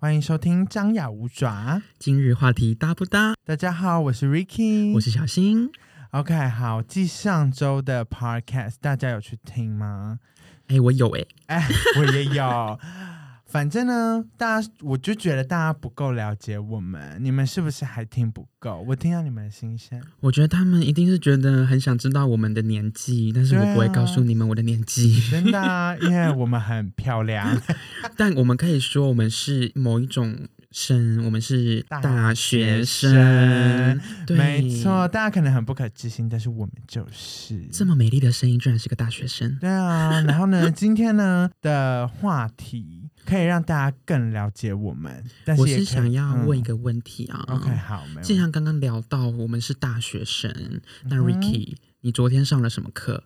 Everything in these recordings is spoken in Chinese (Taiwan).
歡迎收聽張亞舞爪，今日話題搭不搭？大家好，我是 Ricky，我是小新。OK，好，繼上周的 Podcast，大家有去聽嗎？哎、欸，我有、欸，哎，哎，我也有。 反正呢，大家我就覺得大家不夠了解我們，你們是不是還聽不夠？我聽到你們的心聲。我覺得他們一定是覺得很想知道我們的年紀，但是我不會告訴你們我的年紀。真的、啊、 因為我們很漂亮， 但我們可以說我們是某一種生，我們是大學生。學生對沒錯，大家可能很不可置信，但是我們就是這麼美麗的聲音，居然是個大學生。對啊，然後呢， 今天呢的話題。可以讓大家更了解我們。但是也我是想要問一個問題啊。嗯、OK，好，沒有。就像剛剛聊到，我們是大學生。那 Ricky，、嗯、哼你昨天上了什麼課？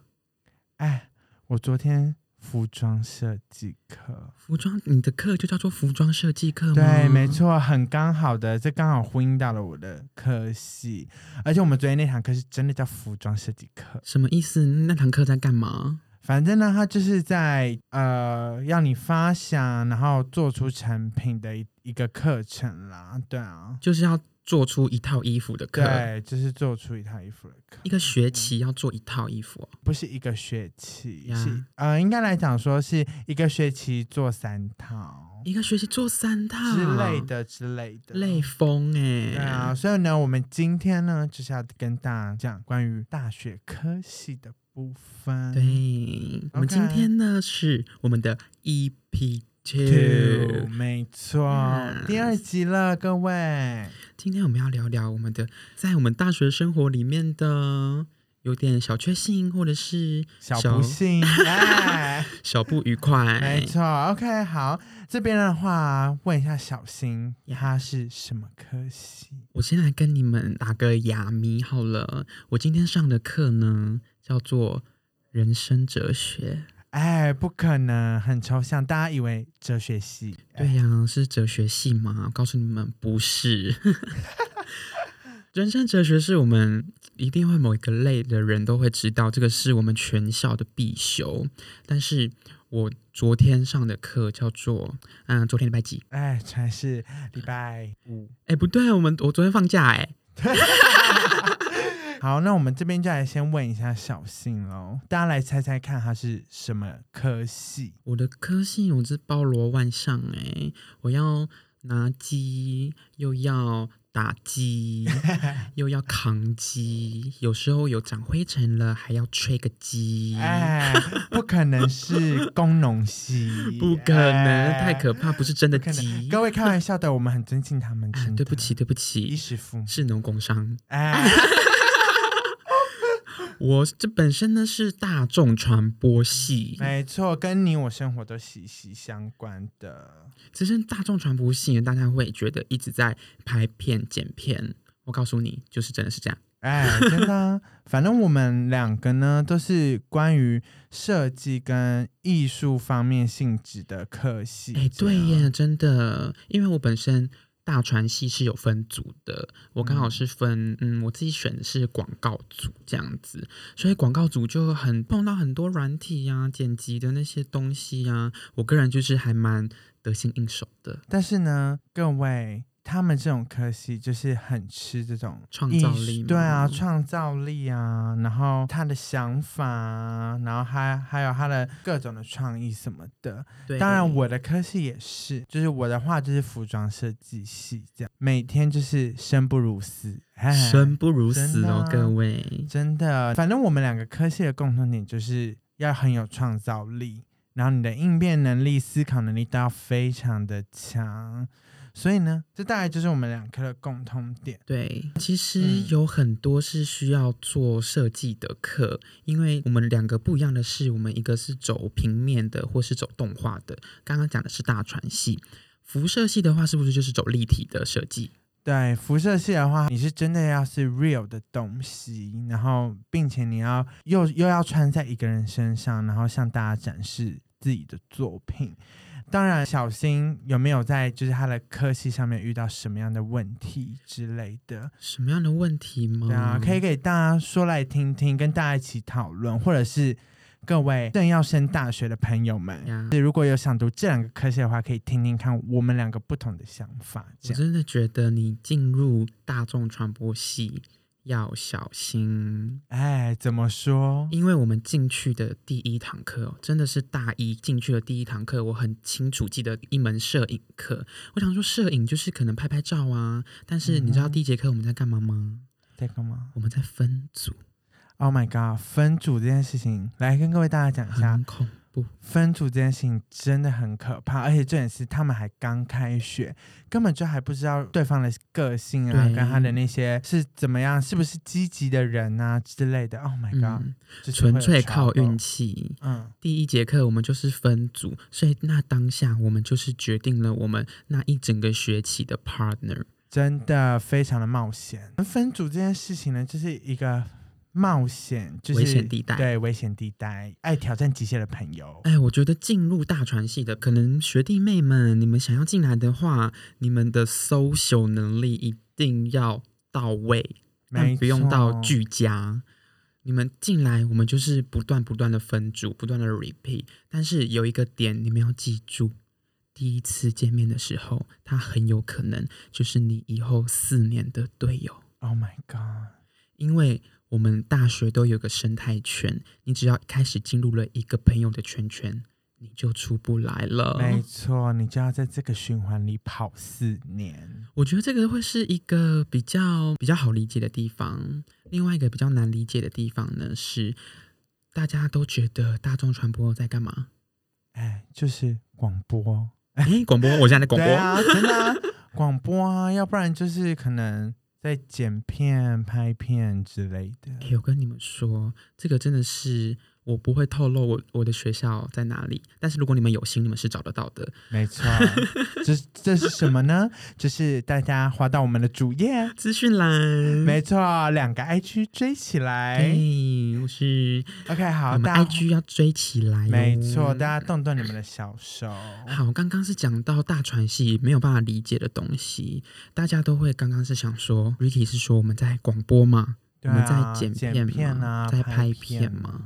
哎，我昨天服裝設計課。服裝？你的課就叫做服裝設計課嗎？對，沒錯，很剛好的，這剛好呼應到了我的科系。而且我們昨天那堂課是真的叫服裝設計課。什麼意思？那堂課在幹嘛？反正呢，他就是在呃，讓你發想，然後做出成品的一一個課程啦，對啊，就是要做出一套衣服的課，對，就是做出一套衣服的課，一個學期要做一套衣服，哦嗯，不是一個學期，呀是呃，應該來講說是一個學期做三套，一個學期做三套之類的之類的，類的累瘋，欸。哎，對啊，所以呢，我們今天呢，就是要跟大家講關於大學科系的。不對，okay, 我們今天呢是我們的 EP2，沒錯，嗯、第二集了，各位。今天我們要聊聊我們的，在我們大學生活裡面的有點小確幸或者是小、小不幸， Yeah 小不愉快。 沒錯，OK，好，這邊的話問一下小新，他是什麼科系？我先來跟你們打個啞謎好了，我今天上的課呢。叫做人生哲學，哎，不可能，很抽象，大家以為哲學系？對呀、啊，是哲學系嗎？我告訴你們，不是。 人生哲學是我們一定會某一個類的人都會知道，這個是我們全校的必修。但是我昨天上的課叫做……嗯、呃，昨天禮拜幾？哎，才是禮拜五。哎、呃、欸，不對，我們我昨天放假、欸，哎。 好，那我們這邊就來先問一下小信嘍，大家來猜猜看它是什麼科系？我的科系我是包羅萬象哎、欸，我要拿雞，又要打雞 又要扛雞，有時候有長灰塵了還要吹個雞哎，不可能是工農系、 哎，不可能，太可怕，不是真的雞、哎、各位開玩笑的，我們很尊敬他們、哎、到對不起，對不起，衣食父母是農工商。哎。 我這本身呢是大眾傳播系，沒錯，跟你我生活都息息相關的。只是大眾傳播系，大家會覺得一直在拍片、剪片。我告訴你，就是真的是這樣。哎，真的， 反正我們兩個呢都是關於設計跟藝術方面性質的科系。哎，對耶，真的，因為我本身。大傳系是有分組的，我剛好是分，嗯，我自己選的是廣告組這樣子，所以廣告組就很碰到很多軟體呀、啊、剪輯的那些東西呀、啊，我個人就是還蠻得心應手的。但是呢，各位。他們這種科系就是很吃這種創意，創造力，對啊，創造力啊，然後他的想法，然後還還有他的各種的創意什麼的。對當然，我的科系也是，就是我的話就是服裝設計系，這樣每天就是生不如死，嘿嘿生不如死哦，的各位，真的。反正我們兩個科系的共同點就是要很有創造力，然後你的應變能力、思考能力都要非常的強。所以呢，這大概就是我們兩個的共通點。對，其實有很多是需要做設計的課，因為我們兩個不一樣的是，我們一個是走平面的，或是走動畫的。剛剛講的是大傳系，服設系的話，是不是就是走立體的設計？對，服設系的話，你是真的要是 real 的東西，然後並且你要又又要穿在一個人身上，然後向大家展示自己的作品。當然，小新有沒有在就是他的科系上面遇到什麼樣的問題之類的？什麼樣的問題嗎？對啊，可以給大家說來聽聽，跟大家一起討論，或者是各位正要升大學的朋友們，啊、如果有想讀這兩個科系的話，可以聽聽看我們兩個不同的想法。我真的覺得你進入大眾傳播系，要小心！哎，怎麼說？因為我們進去的第一堂課，真的是大一進去的第一堂課，我很清楚記得一門攝影課。我想說，攝影就是可能拍拍照啊，但是你知道第一節課我們在幹嘛嗎？在幹嘛？我們在分組。Oh my God！分組這件事情，來跟各位大家講一下。不分組這件事情真的很可怕，而且重點是他們還剛開學，根本就還不知道對方的個性啊，對跟他的那些是怎麼樣，是不是積極的人啊之類的。Oh my god，嗯，純粹靠運氣。嗯，第一節課我們就是分組，所以那當下我們就是決定了我們那一整個學期的 partner，真的非常的冒險。分組這件事情呢，就是一個。冒險就是危險地帶，對，危險地帶，愛挑戰極限的朋友。哎，我覺得進入大傳系的，可能學弟妹們，你們想要進來的話，你們的 social 能力一定要到位，但不用到俱佳。沒錯。你們進來，我們就是不斷不斷的分組，不斷的 repeat。但是有一個點，你們要記住：第一次見面的時候，他很有可能就是你以後四年的隊友。Oh my god！因為我們大學都有個生態圈，你只要開始進入了一個朋友的圈圈，你就出不來了。沒錯，你就要在這個循環裡跑四年。我覺得這個會是一個比較比較好理解的地方。另外一個比較難理解的地方呢，是大家都覺得大眾傳播在幹嘛？哎，就是廣播。哎，廣播！我現在在廣播，廣播啊！ 要不然就是可能。在剪片、拍片之類的。有、okay, 跟你們說，這個真的是。我不會透露我我的學校在哪裡，但是如果你們有心，你們是找得到的。沒錯錯， 這是這是什麼呢？ 就是大家滑到我們的主頁資訊欄。沒錯，兩個 IG 追起來。對、欸，我是 OK，好，我們 IG 要追起來。沒錯，大家動動你們的小手。好，剛剛是講到大傳系沒有辦法理解的東西，大家都會。剛剛是想說，Ricky 是說我們在廣播嗎？啊、我們在剪片剪片啊，在拍片嗎？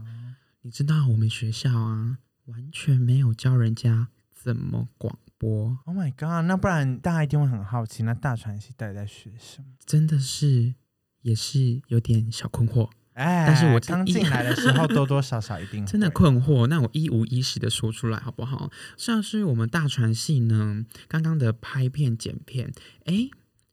你知道我們學校啊，完全沒有教人家怎麼廣播。Oh my god！那不然大家一定會很好奇，那大傳系到底在學什麼？真的是，也是有點小困惑。哎、欸，但是我剛進來的時候，多多少少一定 真的困惑。那我一五一十的說出來好不好？像是我們大傳系呢，剛剛的拍片剪片，哎、欸。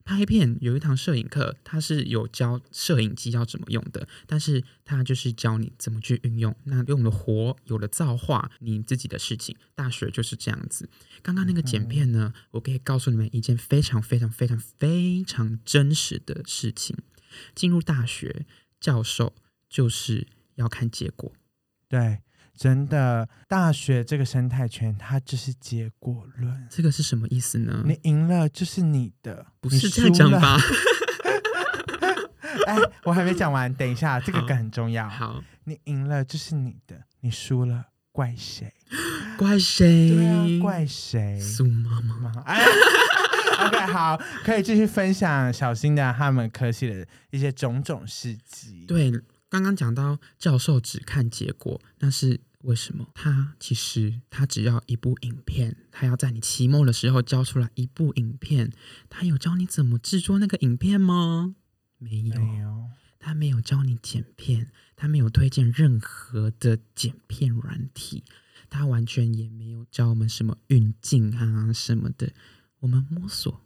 拍片有一堂攝影課，它是有教攝影機要怎麼用的，但是它就是教你怎麼去運用。那用了活，有了造化，你自己的事情。大學就是這樣子。剛剛那個剪片呢，我可以告訴你們一件非常非常非常非常非常真實的事情：進入大學，教授就是要看結果。對，真的，大學這個生態圈，它就是結果論。這個是什麼意思呢？你贏了就是你的，不是輸了。這樣吧 哎，我還沒講完，等一下，好這個梗很重要。好你贏了就是你的，你輸了怪誰？怪誰？怪誰對啊，怪誰？蘇媽媽嗎？哎、呀 OK，好，可以繼續分享小新的他們科系的一些種種事跡。對。剛剛講到教授只看結果，那是為什麼？他其實他只要一部影片，他要在你期末的時候交出來一部影片。他有教你怎麼制作那個影片嗎？沒有，他沒有教你剪片，他沒有推薦任何的剪片軟體，他完全也沒有教我們什麼運鏡啊啊什麼的，我們摸索。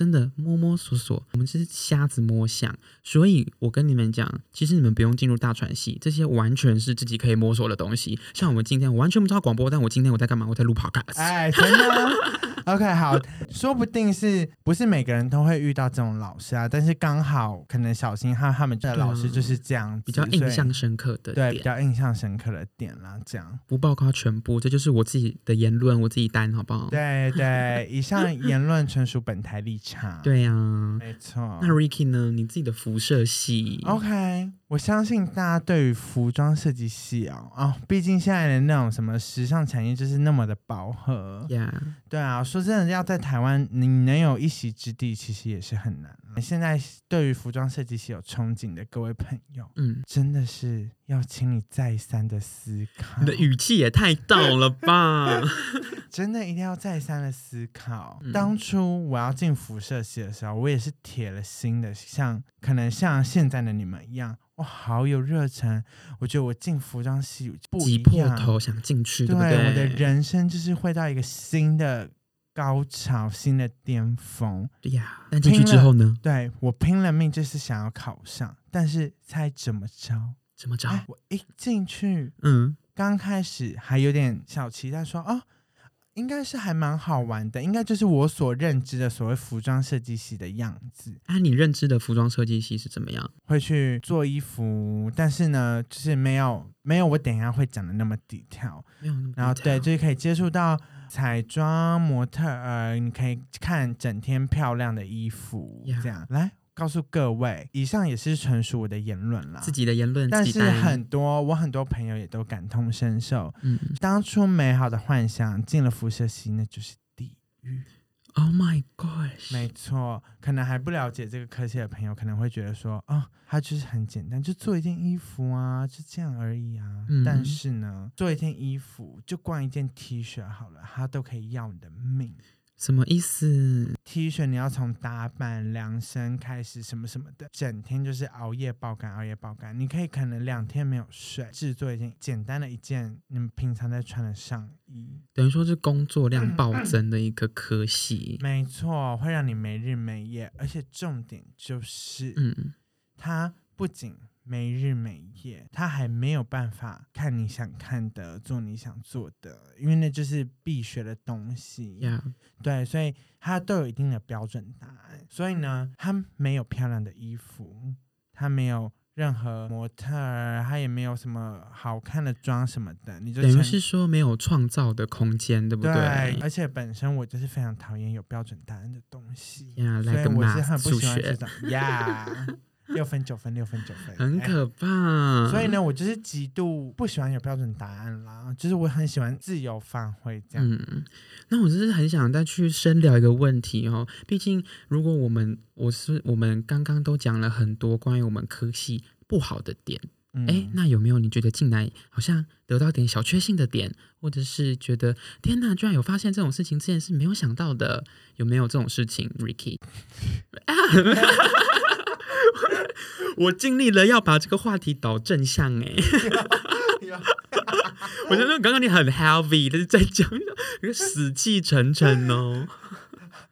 真的摸摸索索，我們是瞎子摸象。所以我跟你們講，其實你們不用進入大傳系，這些完全是自己可以摸索的東西。像我們今天，我完全不知道廣播，但我今天我在幹嘛？我在錄 Podcast。哎，真的嗎？ OK，好， 說不定是不是每個人都會遇到這種老師啊？但是剛好可能小新和他們的老師就是這樣，啊，比較印象深刻的，對，比較印象深刻的點啦。這樣不包括全部，這就是我自己的言論，我自己擔好不好？對對，以上言論純屬本台立場。 對呀，啊，沒錯錯。那 Ricky 呢？你自己的服設系 OK。我相信大家對於服裝設計系啊、哦、啊，畢、哦、竟現在的那種什麼時尚產業就是那麼的飽和，Yeah. 對啊，說真的，要在台灣你能有一席之地，其實也是很難。你現在對於服裝設計系有憧憬的各位朋友，嗯，真的是要請你再三的思考。你的語氣也太逗了吧！ 真的一定要再三的思考。嗯、當初我要進服設系的時候，我也是鐵了心的，像可能像現在的你們一樣，我、哦、好有熱忱。我覺得我進服裝系不一，擠破頭想進去，對，對，不對，我的人生就是會到一個新的。高潮，新的巔峰。對呀，那進去之後呢？對，我拼了命就是想要考上，但是猜怎麼着？怎麼着、哎？我一進去，嗯，剛開始還有點小期待，但說哦，應該是還蠻好玩的，應該就是我所認知的所謂服裝設計系的樣子。那、啊、你認知的服裝設計系是怎麼樣？會去做衣服，但是呢，就是沒有沒有我等一下會講的那麼 detail。沒有那麼 detail。然後對，就是可以接觸到。彩妝模特兒，你可以看整天漂亮的衣服，Yeah. 這樣來告訴各位，以上也是純屬我的言論啦，自己的言論。但是很多我很多朋友也都感同身受，嗯、當初美好的幻想進了服設系，那就是地獄。嗯 Oh my gosh！沒錯，可能還不了解這個科技的朋友，可能會覺得說，哦，它就是很簡單，就做一件衣服啊，就這樣而已啊。嗯、但是呢，做一件衣服，就光一件 T 恤好了，它都可以要你的命。什麼意思？T 恤你要從打版量身開始，什麼什麼的，整天就是熬夜爆肝，熬夜爆肝。你可以可能兩天沒有睡，製作一件簡單的一件你們平常在穿的上衣，等於說是工作量暴增的一個科系。嗯，嗯。沒錯，會讓你沒日沒夜，而且重點就是，嗯，它不僅。沒日沒夜，他還沒有辦法看你想看的，做你想做的，因為那就是必學的東西呀，Yeah. 對，所以他都有一定的標準答案。所以呢，他沒有漂亮的衣服，他沒有任何模特兒，他也沒有什麼好看的妝什麼的。你就等於是說沒有創造的空間，對不對？對，而且本身我就是非常討厭有標準答案的東西。Yeah, like a math 六分九分，六分九分，很可怕。欸、所以呢，我就是極度不喜歡有標準答案啦，就是我很喜歡自由發揮這樣，嗯。那我就是很想再去深聊一個問題哦。畢竟，如果我們我是我們剛剛都講了很多關於我們科系不好的點，哎、嗯欸，那有沒有你覺得進來好像得到點小確幸的點，或者是覺得天哪，居然有發現這種事情，之前是沒有想到的，有沒有這種事情，Ricky？ 我盡力了，要把這個話題導正向哎、欸 我就說剛剛你很 heavy，但是再講一個死氣沉沉哦、喔。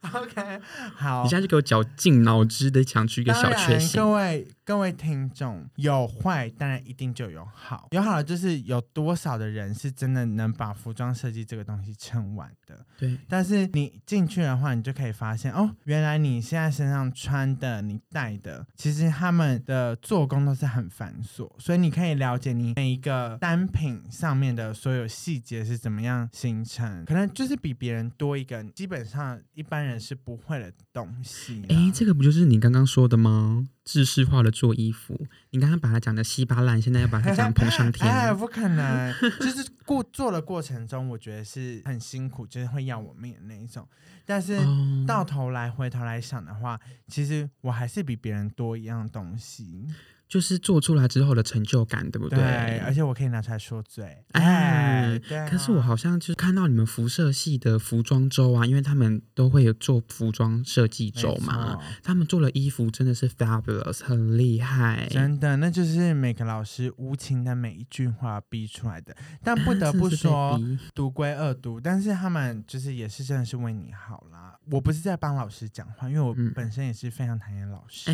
OK，好，你現在就給我絞盡腦汁的想出一個小缺陷。各位聽眾，有壞當然一定就有好，有好的就是有多少的人是真的能把服裝設計這個東西撐完的。對，但是你進去的話，你就可以發現哦，原來你現在身上穿的、你戴的，其實他們的做工都是很繁瑣，所以你可以了解你每一個單品上面的所有細節是怎麼樣形成，可能就是比別人多一個，基本上一般人是不會的東西。哎，這個不就是你剛剛說的嗎？制式化的做衣服，你剛剛把它講得稀巴爛，現在又把它講捧上天， 哎，不可能！就是過做的過程中，我覺得是很辛苦，就是會要我命的那一種。但是到頭來回頭來想的話，嗯、其實我還是比別人多一樣東西。就是做出來之後的成就感，對不對？對，而且我可以拿出來說嘴，哎，對、哎。可是我好像就是看到你們服設系的服裝週啊，因為他們都會有做服裝設計週嘛，沒錯，他們做的衣服真的是 fabulous，很厲害，真的。那就是每個老師無情的每一句話逼出來的，但不得不說、嗯、毒歸惡毒，但是他們就是也是真的是為你好啦。我不是在幫老師講話，因為我本身也是非常討厭老師，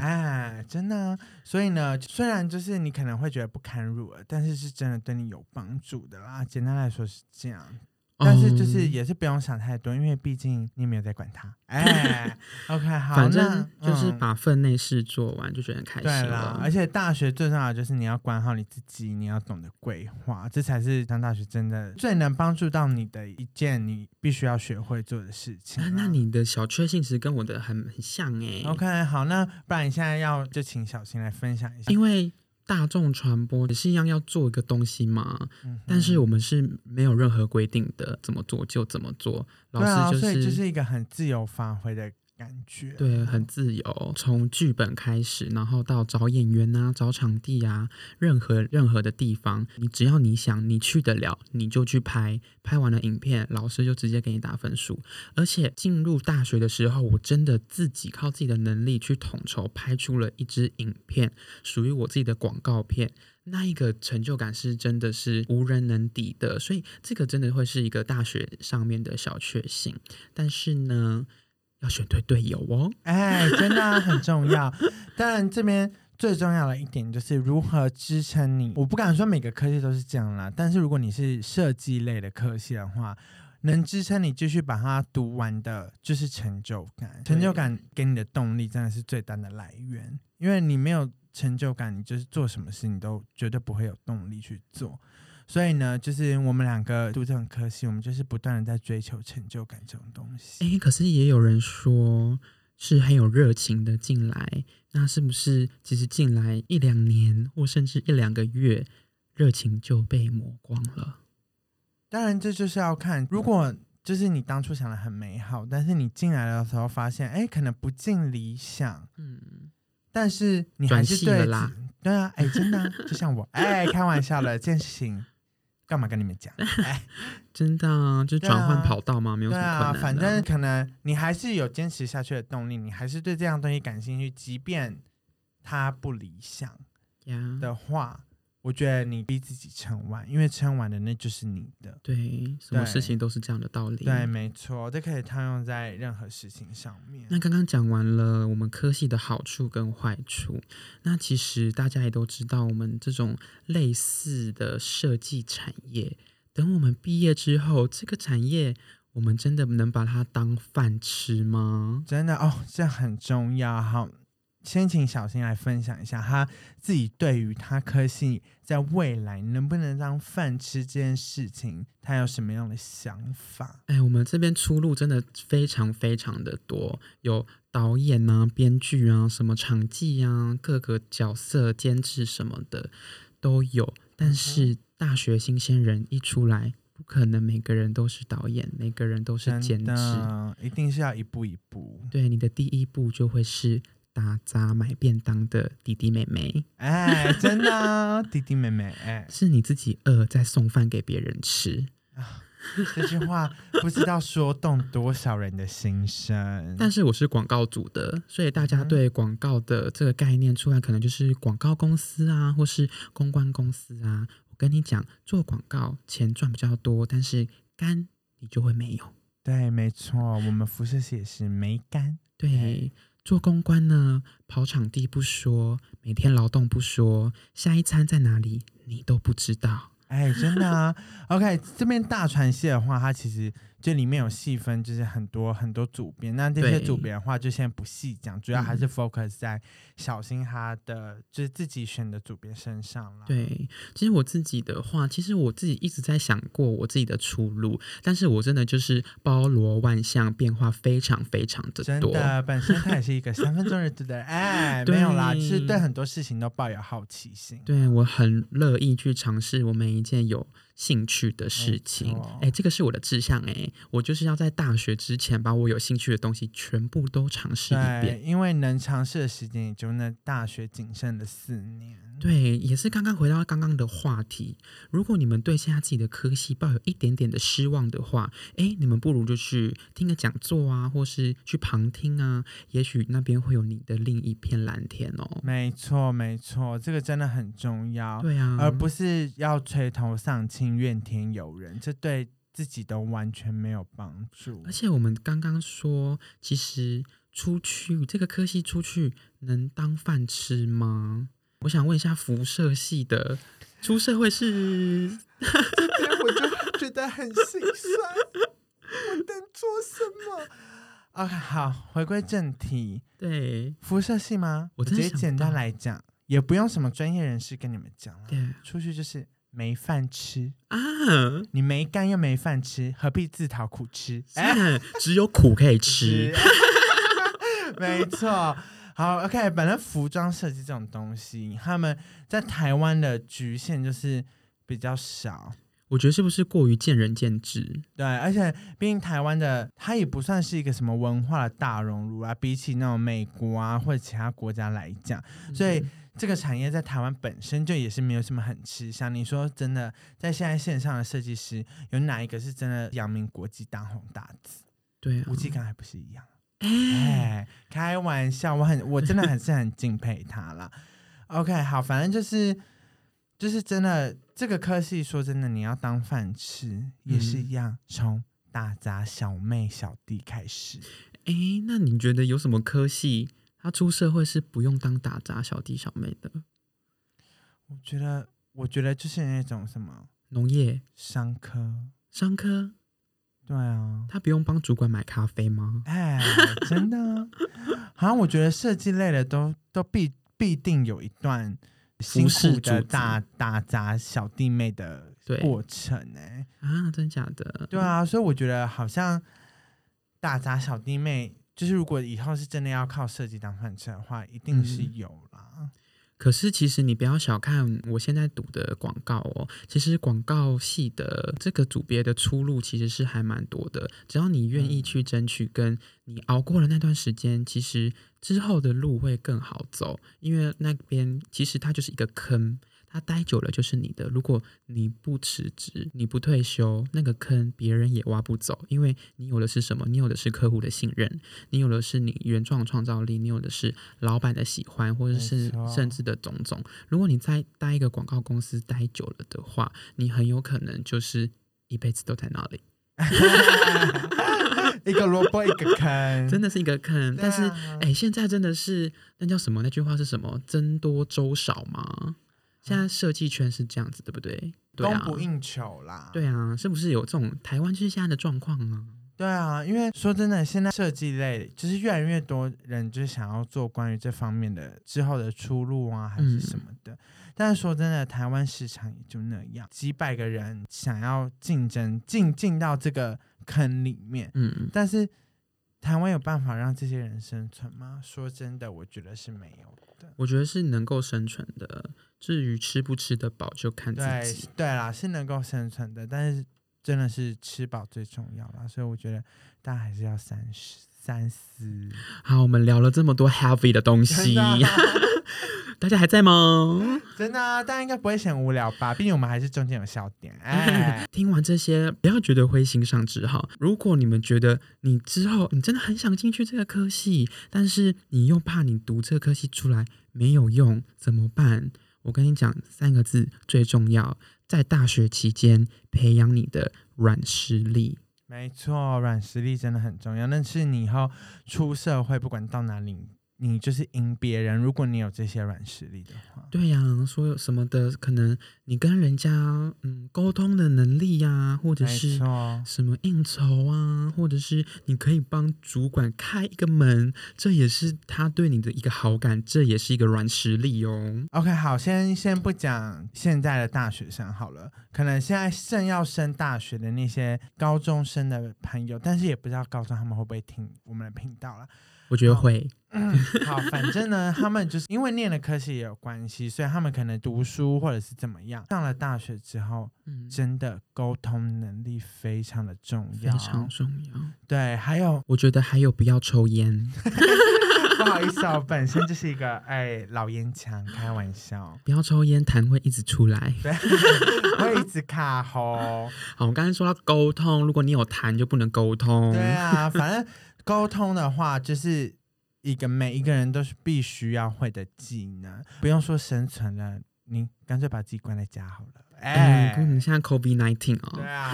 哎，哎，真的。所以呢，雖然就是你可能會覺得不堪入耳，但是是真的對你有幫助的啦。簡單來說是這樣。但是就是也是不用想太多，因為畢竟你也沒有在管他。哎、欸、 ，OK，好，反正就是把份內事做完就覺得很開心、嗯、對啦，而且大學最重要的就是你要管好你自己，你要懂得規劃，這才是上大學真的最能幫助到你的一件你必須要學會做的事情、啊。那你的小確幸其實跟我的很很像誒、欸。OK，好，那不然你現在要就請小新來分享一下，因為。大眾傳播也是一樣要做一個東西嘛，嗯哼，但是我們是沒有任何規定的，怎麼做就怎麼做，對啊、老師就是所以就是一個很自由發揮的。感覺對，很自由。從劇本開始，然後到找演員吶，啊，找場地啊，任何任何的地方，你只要你想，你去得了，你就去拍。拍完了影片，老師就直接給你打分數。而且進入大學的時候，我真的自己靠自己的能力去統籌拍出了一支影片，屬於我自己的廣告片。那一個成就感是真的是無人能敵的，所以這個真的會是一個大學上面的小確幸。但是呢，要選對隊友哦，哎、欸，真的、啊、很重要。 但這邊最重要的一點就是如何支撐你。我不敢說每個科系都是這樣啦，但是如果你是設計類的科系的話，能支撐你繼續把它讀完的就是成就感。成就感給你的動力真的是最大的來源，因為你沒有成就感，你就是做什麼事你都絕對不會有動力去做。所以呢，就是我們兩個讀這種科系，我們就是不斷的在追求成就感這種東西。哎、欸，可是也有人說，是很有熱情的進來，那是不是其實進來一兩年或甚至一兩個月，熱情就被抹光了？當然，這就是要看，如果就是你當初想的很美好，但是你進來的時候發現，哎、欸，可能不盡理想，嗯，但是你還是對了啦，對啊，哎、欸，真的、啊， 就像我，哎、欸，開玩笑了，這件事情。幹嘛跟你們講？ 哎、真的、啊，就轉換跑道嗎？對啊、沒有對啊，反正可能你還是有堅持下去的動力，你還是對這樣的東西感興趣，即便它不理想的話。Yeah. 我覺得你逼自己撐完，因為撐完的那就是你的。對，什麼事情都是這樣的道理。對，沒錯，這可以套用在任何事情上面。那剛剛講完了我們科系的好處跟壞處，那其實大家也都知道，我們這種類似的設計產業，等我們畢業之後，這個產業我們真的能把它當飯吃嗎？真的哦，這很重要哈。先請小新來分享一下他自己對於他科系在未來能不能當飯吃這件事情，他有什麼樣的想法？哎、欸，我們這邊出路真的非常非常的多，有導演啊、編劇啊、什麼場記啊、各個角色、監製什麼的都有。但是大學新鮮人一出來，不可能每個人都是導演，每個人都是監製，一定是要一步一步。對，你的第一步就會是。打雜買便當的弟弟妹妹，哎、欸，真的，哦， 弟弟妹妹，哎、欸，是你自己餓在送飯給別人吃，哦，這句話 不知道說動多少人的心聲。但是我是廣告組的，所以大家對廣告的這個概念出來，可能就是廣告公司啊，或是公關公司啊。我跟你講，做廣告錢賺比較多，但是肝你就會沒有。對，沒錯，我們服設系也是沒肝。 對。對做公關呢，跑場地不說，每天勞動不說，下一餐在哪裡你都不知道。哎、欸，真的啊 ，OK，啊這邊大傳系的話，它其實。這裡面有細分，就是很多很多組別，那這些組別的話對就先不細講，主要還是 focus 在小心他的、嗯、就是自己選的組別身上對。其實我自己的話，其實我自己一直在想過我自己的出路，但是我真的就是包羅萬象，變化非常非常的多。真的，本身他也是一個三分鐘熱度的人， 哎，對沒有啦，就是對很多事情都抱有好奇心。對，我很樂意去嘗試我每一件有。興趣的事情，哎錯、欸，這個是我的志向，哎、欸，我就是要在大學之前把我有興趣的東西全部都嘗試一遍。對，因為能嘗試的時間也就那大學僅剩的四年。對，也是剛剛回到剛剛的話題，如果你們對現在自己的科系抱有一點點的失望的話，哎、欸，你們不如就去聽個講座啊，或是去旁聽啊，也許那邊會有你的另一片藍天哦、喔。沒錯，沒錯，這個真的很重要。對啊，而不是要垂頭喪氣。怨天尤人，這對自己都完全沒有幫助。而且我們剛剛說，其實出去這個科系出去能當飯吃嗎？我想問一下，服設系的出社會是……這邊我就覺得很心酸， 我能做什麼？OK，好，回歸正題，對，服設系嗎？我直接簡單來講，也不用什麼專業人士跟你們講、啊、對、啊，出去就是。沒飯吃啊！你沒幹又沒飯吃，何必自討苦吃？是欸、只有苦可以吃， 沒錯。好，OK，本來服裝設計這種東西，他們在台灣的局限就是比較少。我覺得是不是過於見仁見智？對，而且畢竟台灣的它也不算是一個什麼文化的大熔爐啊，比起那種美國啊或者其他國家來講，所以。嗯這個產業在台灣本身就也是沒有什麼很吃香，像你說真的，在現在線上的設計師有哪一個是真的揚名國際大紅大紫？對、啊，吳季剛還不是一樣？哎、欸欸，開玩笑，我很，我真的很是很敬佩他啦。 OK，好，反正就是就是真的，這個科系說真的，你要當飯吃、嗯、也是一樣，從打雜小妹小弟開始。哎、欸，那你覺得有什麼科系？他出社會是不用當打雜小弟小妹的，我覺得，我覺得就是那種什麼農業商科商科，商科對啊，他不用幫主管買咖啡嗎？哎、欸，真的、啊， 好像我覺得設計類的都都必必定有一段辛苦的打打雜小弟妹的過程，哎、欸、啊，真假的？對啊，所以我覺得好像打雜小弟妹。就是如果以後是真的要靠設計當飯吃的話，一定是有啦、嗯。可是其實你不要小看我現在讀的廣告哦，其實廣告系的這個組別的出路其實是還蠻多的，只要你願意去爭取，跟你熬過了那段時間，嗯、其實之後的路會更好走，因為那邊其實它就是一個坑。他待久了就是你的。如果你不辭職，你不退休，那個坑別人也挖不走，因為你有的是什麼？你有的是客戶的信任，你有的是你原創創造力，你有的是老闆的喜歡，或者是甚至的種種。沒錯。如果你在待一個廣告公司待久了的話，你很有可能就是一輩子都在那裡。 一個蘿蔔一個坑，真的是一個坑。啊、但是，誒、欸，現在真的是那叫什麼？那句話是什麼？“僧多粥少”嗎？現在設計圈是這樣子，對不對？對啊，供不應求啦。對啊，是不是有這種台灣就是現在的狀況呢、啊？對啊，因為說真的，現在設計類就是越來越多人就是想要做關於這方面的之後的出路啊，還是什麼的。嗯，但是說真的，台灣市場也就那樣，幾百個人想要競爭，進進到這個坑裡面，嗯。但是。台灣有辦法讓這些人生存嗎？說真的，我覺得是沒有的。我覺得是能夠生存的，至於吃不吃得飽，就看自己。對，對啦，是能夠生存的，但是真的是吃飽最重要啦。所以我覺得大家還是要三思三思。好，我們聊了這麼多 healthy 的東西。 大家還在嗎？嗯、真的，大家應該不會嫌無聊吧？畢竟我們還是中間有笑點。哎、聽完這些，不要覺得灰心喪志哈。如果你們覺得你之後你真的很想進去這個科系，但是你又怕你讀這個科系出來沒有用，怎麼辦？我跟你講三個字，最重要，在大學期間培養你的軟實力。沒錯，軟實力真的很重要。但是你以後出社會，不管到哪裡。你就是贏別人。如果你有這些軟實力的話，對呀、啊，所有什麼的，可能你跟人家嗯溝通的能力呀、啊，或者是什麼應酬啊，或者是你可以幫主管開一個門，這也是他對你的一個好感，這也是一個軟實力哦。OK，好，先先不講現在的大學生好了，可能現在正要升大學的那些高中生的朋友，但是也不知道高中他們會不會聽我們的頻道啦。我覺得會、嗯，好，反正呢，他們就是因為念的科系也有關係， 所以他們可能讀書或者是怎麼樣，上了大學之後，嗯、真的溝通能力非常的重要，非常重要。對，還有，我覺得還有不要抽菸。 不好意思、哦，我本身就是一個哎老菸槍，開玩笑。不要抽菸，痰會一直出來。對，會一直卡喉。 好，我們剛才說到溝通，如果你有痰就不能溝通。對啊，反正。 溝通的話，就是一個每一個人都是必須要會的技能，不用說生存了，你乾脆把自己關在家好了。哎，不能你像 COVID-19 哦，對啊，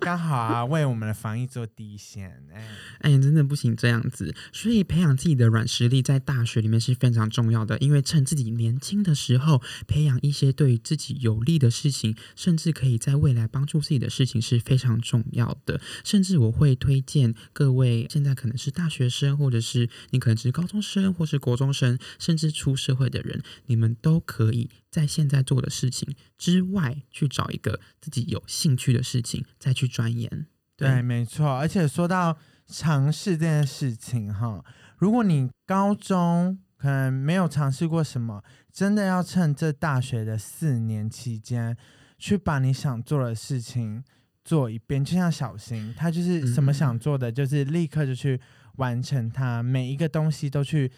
剛好啊， 為我們的防疫做底線。哎、欸，哎、欸，真的不行這樣子，所以培養自己的軟實力在大學裡面是非常重要的，因為趁自己年輕的時候培養一些對自己有利的事情，甚至可以在未來幫助自己的事情是非常重要的。甚至我會推薦各位，現在可能是大學生，或者是你可能只是高中生，或是國中生，甚至出社會的人，你們都可以。在現在做的事情之外，去找一個自己有興趣的事情再去鑽研。對，對，沒錯。而且說到嘗試這件事情，哈，如果你高中可能沒有嘗試過什麼，真的要趁這大學的四年期間，去把你想做的事情做一遍。就像小新，他就是什麼想做的，嗯嗯，就是立刻就去完成它，每一個東西都去。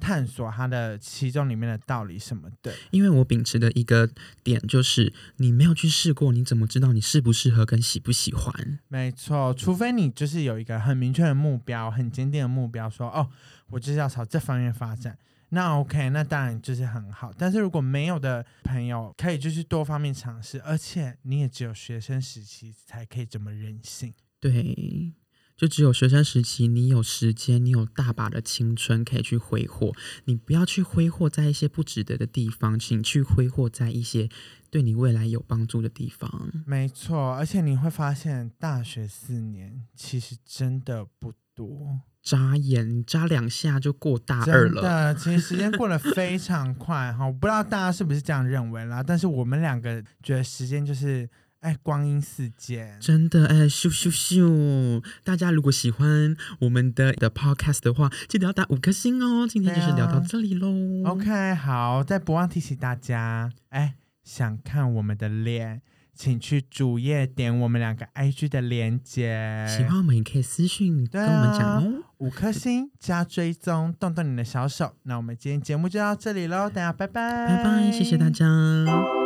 探索它的其中裡面的道理什麼的，因為我秉持的一個點就是，你沒有去試過，你怎麼知道你適不適合跟喜不喜歡？沒錯，除非你就是有一個很明確的目標，很堅定的目標，說哦，我就是要朝這方面發展，那 OK，那當然就是很好。但是如果沒有的朋友，可以就是多方面嘗試，而且你也只有學生時期才可以這麼任性。對。就只有學生時期，你有時間，你有大把的青春可以去揮霍，你不要去揮霍在一些不值得的地方，請去揮霍在一些對你未來有幫助的地方。沒錯，而且你會發現，大學四年其實真的不多，眨眼眨兩下就過大二了。對，其實時間過得非常快哈， 哦，我不知道大家是不是這樣認為啦，但是我們兩個覺得時間就是。哎，光陰似箭，真的哎，咻咻咻！大家如果喜歡我們的的 podcast 的話，記得要打五顆星哦。今天就是聊到這裡嘍、對啊。OK，好，再不忘提醒大家，哎，想看我們的臉，請去主頁點我們兩個 IG 的連結。喜歡我們也可以私訊跟我們講，哦對啊，五顆星加追蹤，動動你的小手。那我們今天節目就到這裡嘍，大家拜拜，拜拜，謝謝大家。